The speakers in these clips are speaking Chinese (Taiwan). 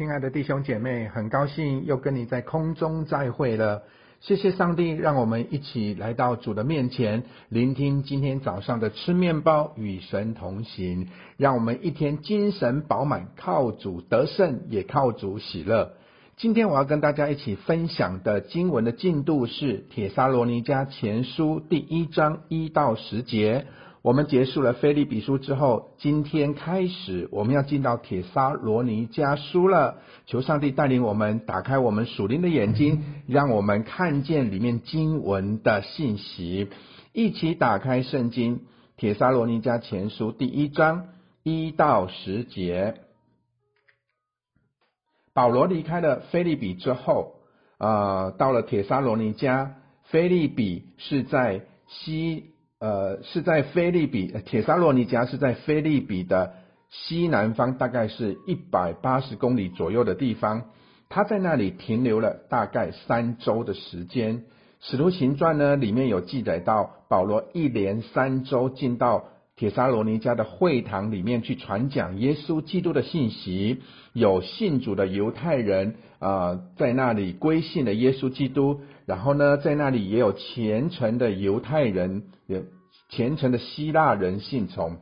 親愛的弟兄姐妹，很高興又跟你在空中再會了。謝謝上帝，讓我們一起來到主的面前，聆聽今天早上的吃麵包與神同行。讓我們一天精神飽滿，靠主得勝，也靠主喜樂。今天我要跟大家一起分享的經文的進度是《帖撒羅尼迦前書》第一章一到十節。我們結束了《腓立比書》之後，今天開始我們要進到《帖撒羅尼迦書》了。求上帝帶領我們打開我們屬靈的眼睛，讓我們看見裡面經文的信息。一起打開聖經《帖撒羅尼迦前書》第一章一到十節。保羅離開了腓立比之後，呃，到了帖撒羅尼迦。腓立比是在西，呃，是在腓立比，帖撒羅尼迦是在腓立比的西南方，大概是一百八十公里左右的地方。他在那裡停留了大概三周的時間。使徒行傳呢裡面有記載到，保羅一連三周進到。帖撒羅尼迦的會堂裡面去傳講耶穌基督的信息，有信主的猶太人啊、呃，在那裡歸信了耶穌基督，然後呢，在那裡也有虔誠的猶太人、也虔誠的希臘人信從。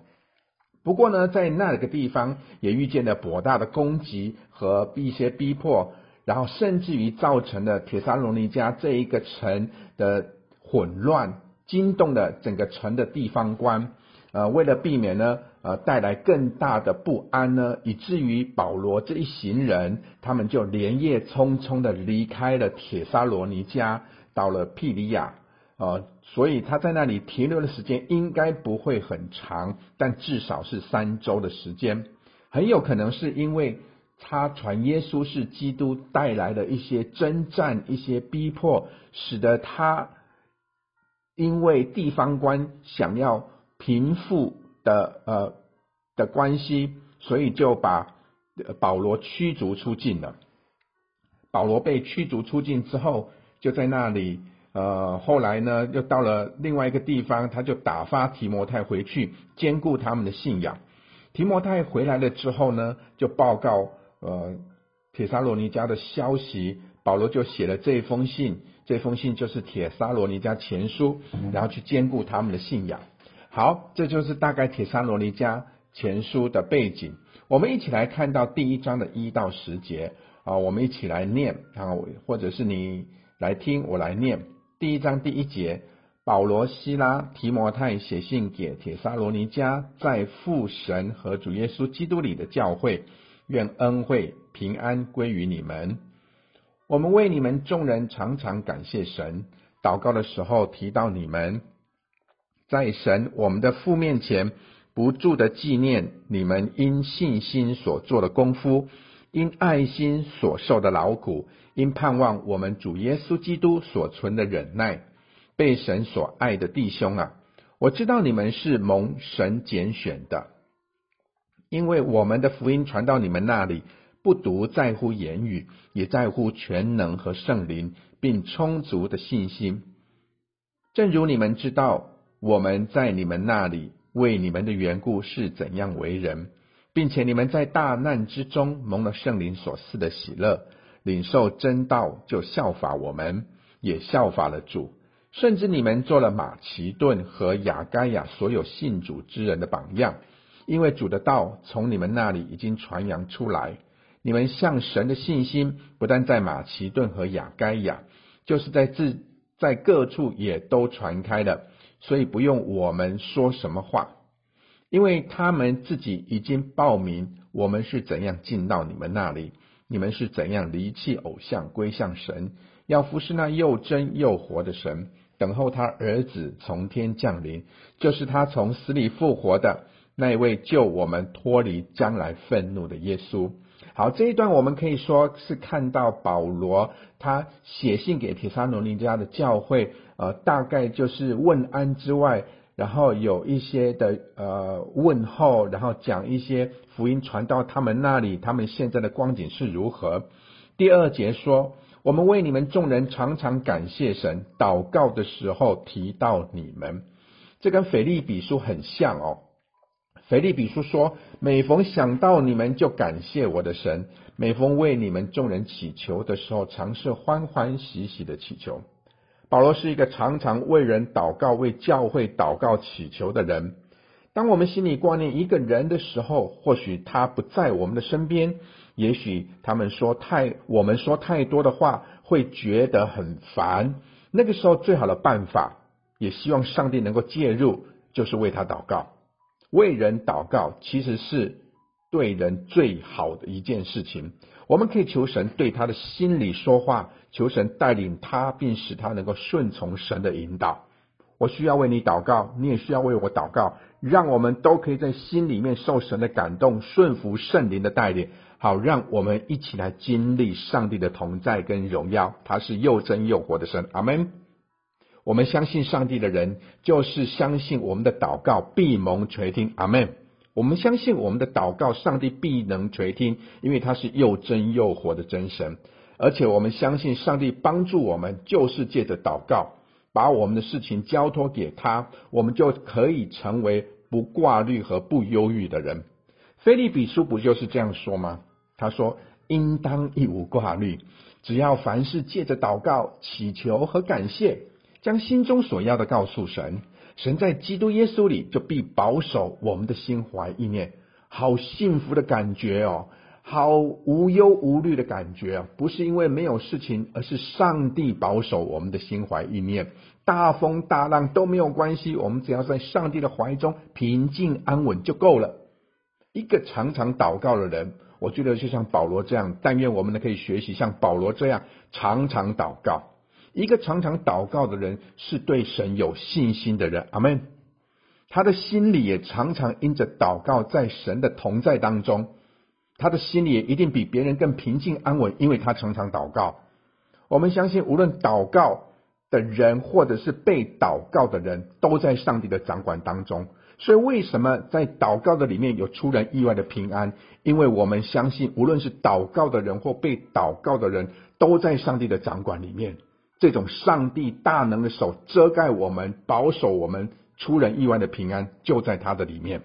不過呢，在那個地方也遇見了博大的攻擊和一些逼迫，然後甚至於造成了帖撒羅尼迦這一個城的混亂，驚動了整個城的地方官。呃，為了避免呢，呃，帶來更大的不安呢，以至於保羅這一行人，他們就連夜匆匆的離開了帖撒羅尼迦，到了庇哩亞，呃，所以他在那裡停留的時間應該不會很長，但至少是三周的時間，很有可能是因為他傳耶穌是基督帶來的一些爭戰、一些逼迫，使得他因為地方官想要。貧富的呃的關係，所以就把保羅驅逐出境了。保羅被驅逐出境之後，就在那裡呃，後來呢又到了另外一個地方，他就打發提摩太回去，兼顧他們的信仰。提摩太回來了之後呢，就報告呃帖撒羅尼迦的消息，保羅就寫了這封信，這封信就是帖撒羅尼迦前書，然後去兼顧他們的信仰。好，這就是大概帖撒羅尼迦前書的背景。我們一起來看到第一章的一到十節啊，我們一起來念啊，或者是你來聽我來念。第一章第一節，保羅、西拉、提摩太寫信給帖撒羅尼迦，在父神和主耶穌基督裡的教會，願恩惠、平安歸於你們。我們為你們眾人常常感謝神，禱告的時候提到你們。在神我們的父面前，不住的紀念你們因信心所做的功夫，因愛心所受的勞苦，因盼望我們主耶穌基督所存的忍耐。被神所愛的弟兄啊，我知道你們是蒙神揀選的，因為我們的福音傳到你們那裡，不獨在乎言語，也在乎權能和聖靈，並充足的信心。正如你們知道。我們在你們那裡為你們的緣故是怎樣為人，並且你們在大難之中蒙了聖靈所賜的喜樂，領受真道，就效法我們，也效法了主。甚至你們做了馬其頓和亞該亞所有信主之人的榜樣，因為主的道從你們那裡已經傳揚出來。你們向神的信心不但在馬其頓和亞該亞，就是在自在各處也都傳開了。所以不用我們說什麼話，因為他們自己已經報名。我們是怎樣進到你們那裡？你們是怎樣離棄偶像歸向神，要服侍那又真又活的神，等候他兒子從天降臨，就是他從死裡復活的那一位，救我們脫離將來憤怒的耶穌。好，這一段我們可以說是看到保羅。他寫信給帖撒羅尼迦的教會，呃，大概就是問安之外，然後有一些的呃問候，然後講一些福音傳到他們那裡，他們現在的光景是如何？第二節說，我們為你們眾人常常感謝神，禱告的時候提到你們，這跟腓利比書很像哦。腓利比書說，每逢想到你們，就感謝我的神。每逢為你們眾人祈求的時候，常是歡歡喜喜的祈求。保羅是一個常常為人禱告、為教會禱告、祈求的人。當我們心裡掛念一個人的時候，或許他不在我們的身邊，也許他們說太，我們說太多的話會覺得很煩。那個時候，最好的辦法，也希望上帝能夠介入，就是為他禱告。為人禱告，其實是。對人最好的一件事情，我們可以求神對他的心裡說話，求神帶領他，並使他能夠順從神的引導。我需要為你禱告，你也需要為我禱告，讓我們都可以在心裡面受神的感動，順服聖靈的帶領。好，讓我們一起來經歷上帝的同在跟榮耀。他是又真又活的神，阿門。我們相信上帝的人，就是相信我們的禱告，必蒙垂聽，阿門。我們相信我們的禱告，上帝必能垂聽，因為他是又真又活的真神。而且我們相信上帝幫助我們就是借着禱告，把我們的事情交託給他，我們就可以成為不掛慮和不憂鬱的人。腓立比書不就是這樣說嗎？他說：“應當一無掛慮，只要凡事借着禱告、祈求和感謝，將心中所要的告訴神。”神在基督耶穌裡，就必保守我們的心懷意念。好幸福的感覺哦，好無憂無慮的感覺啊！不是因為沒有事情，而是上帝保守我們的心懷意念。大風大浪都沒有關係，我們只要在上帝的懷中平靜安穩就夠了。一個常常禱告的人，我覺得就像保羅這樣。但願我們呢可以學習像保羅這樣，常常禱告。一個常常禱告的人，是對神有信心的人。阿門。他的心裡也常常因着禱告，在神的同在當中，他的心裡也一定比別人更平靜安穩，因為他常常禱告。我們相信，無論禱告的人，或者是被禱告的人，都在上帝的掌管當中。所以，為什麼在禱告的裡面有出人意外的平安？因為我們相信，無論是禱告的人或被禱告的人，都在上帝的掌管裡面。這種上帝大能的手遮蓋我們，保守我們出人意外的平安，就在他的裡面。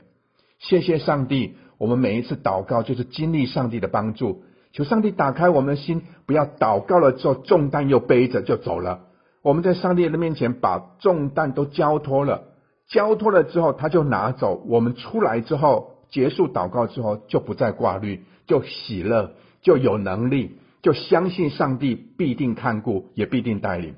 謝謝上帝，我們每一次禱告就是經歷上帝的幫助。求上帝打開我們的心，不要禱告了之後重擔又背着就走了。我們在上帝的面前把重擔都交托了，交托了之後他就拿走。我們出來之後，結束禱告之後，就不再掛慮，就喜樂，就有能力。就相信上帝必定看顧，也必定帶領。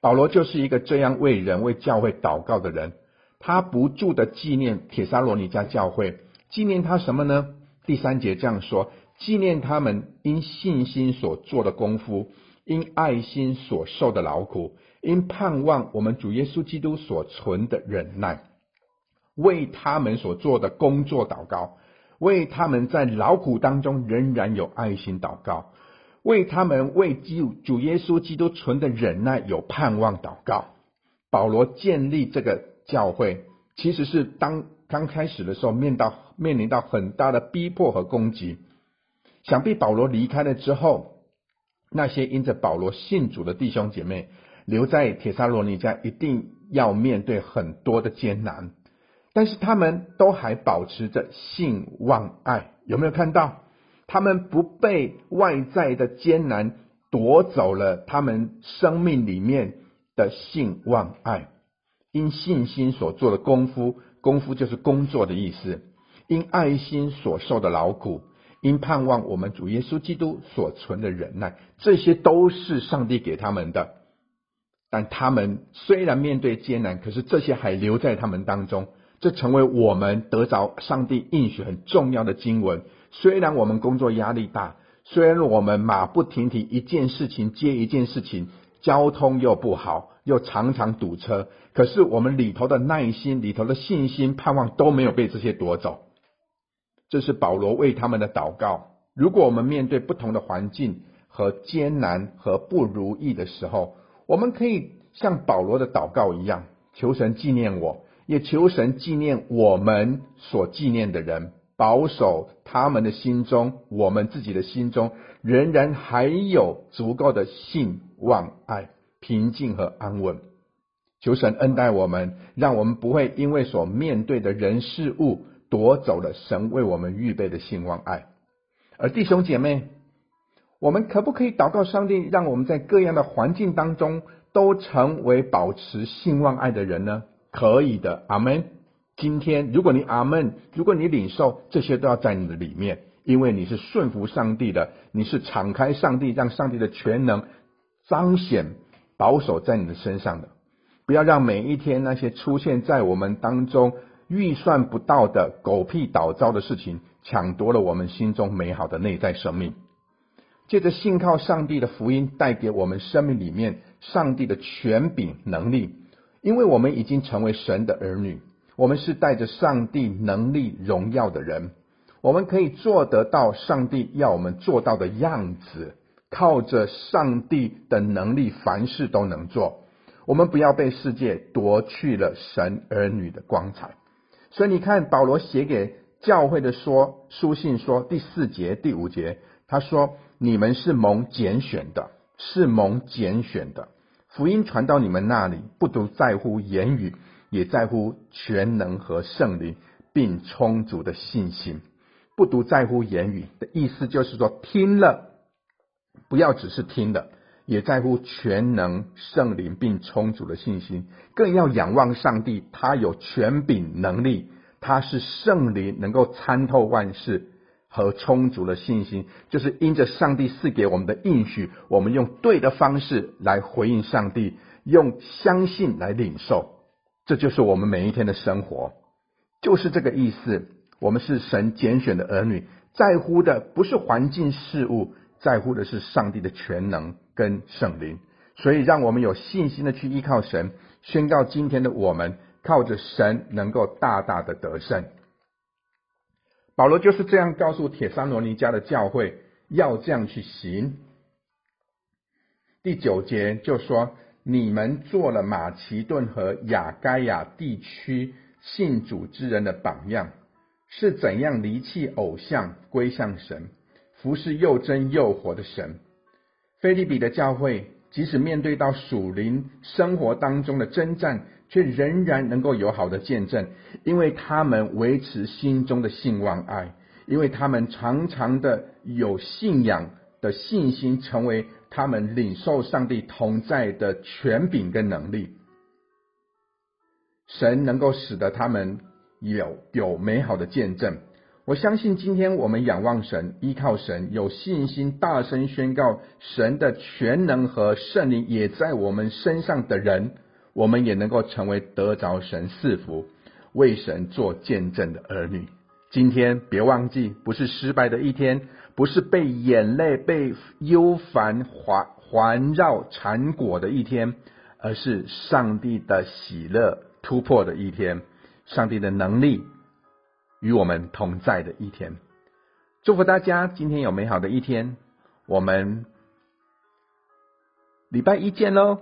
保羅就是一個這樣為人為教會禱告的人。他不住的紀念帖撒羅尼迦教會，紀念他什麼呢？第三節這樣說：紀念他們因信心所做的功夫，因愛心所受的勞苦，因盼望我們主耶穌基督所存的忍耐，為他們所做的工作禱告，為他們在勞苦當中仍然有愛心禱告。為他們為主，主耶穌基督存的忍耐有盼望禱告。保羅建立這個教會，其實是當剛開始的時候，面到面臨到很大的逼迫和攻擊。想必保羅離開了之後，那些因着保羅信主的弟兄姐妹留在帖撒羅尼迦，一定要面對很多的艱難。但是他們都還保持着信望愛，有沒有看到？他們不被外在的艱難奪走了，他們生命裡面的信望愛，因信心所做的功夫，功夫就是工作的意思；因愛心所受的勞苦，因盼望我們主耶穌基督所存的忍耐，這些都是上帝給他們的。但他們雖然面對艱難，可是這些還留在他們當中。這成為我們得着上帝應許很重要的經文。雖然我們工作壓力大，雖然我們馬不停蹄，一件事情接一件事情，交通又不好，又常常堵車，可是我們裡頭的耐心、裡頭的信心、盼望都沒有被這些奪走。這是保羅為他們的禱告。如果我們面對不同的環境和艱難和不如意的時候，我們可以像保羅的禱告一樣，求神紀念我。也求神紀念我們所紀念的人，保守他們的心中，我們自己的心中仍然還有足夠的信望愛、平靜和安穩。求神恩待我們，讓我們不會因為所面對的人事物奪走了神為我們預備的信望愛。而弟兄姐妹，我們可不可以禱告上帝，讓我們在各樣的環境當中都成為保持信望愛的人呢？可以的，阿門。今天，如果你阿門，如果你領受，這些都要在你的裡面，因為你是順服上帝的，你是敞開上帝，讓上帝的全能彰顯、保守在你的身上的。不要讓每一天那些出現在我們當中預算不到的狗屁倒灶的事情，搶奪了我們心中美好的內在生命。借着信靠上帝的福音，帶給我們生命裡面上帝的權柄能力。因為我們已經成為神的兒女，我們是帶着上帝能力榮耀的人，我們可以做得到上帝要我們做到的樣子。靠着上帝的能力，凡事都能做。我們不要被世界奪去了神兒女的光彩。所以你看，保羅寫給教會的說書信說第四節、第五節，他說：“你們是蒙揀選的，是蒙揀選的。”福音傳到你們那裡，不獨在乎言語，也在乎權能和聖靈，並充足的信心。不獨在乎言語的意思，就是說，聽了不要只是聽了，也在乎權能聖靈，並充足的信心，更要仰望上帝，他有權柄能力，他是聖靈，能夠參透萬事。和充足的信心，就是因着上帝賜給我們的應許，我們用對的方式來回應上帝，用相信來領受，這就是我們每一天的生活，就是這個意思。我們是神揀選的兒女，在乎的不是環境事物，在乎的是上帝的全能跟聖靈。所以，讓我們有信心的去依靠神，宣告今天的我們靠着神能夠大大的得勝。保羅就是這樣告訴帖撒羅尼迦的教會，要這樣去行。第九節就說：你們做了馬其頓和亞該亞地區信主之人的榜樣，是怎樣離棄偶像歸向神，服侍又真又活的神。腓立比的教會，即使面對到屬靈生活當中的征戰。卻仍然能夠有好的見證，因為他們維持心中的信望愛，因為他們常常的有信仰的信心，成為他們領受上帝同在的權柄跟能力。神能夠使得他們有有美好的見證。我相信，今天我們仰望神、依靠神、有信心，大聲宣告神的全能和聖靈也在我們身上的人。我們也能夠成為得着神賜福、為神做見證的兒女。今天別忘記，不是失敗的一天，不是被眼淚、被憂煩環環繞纏裹的一天，而是上帝的喜樂突破的一天，上帝的能力與我們同在的一天。祝福大家，今天有美好的一天。我們禮拜一見嘍！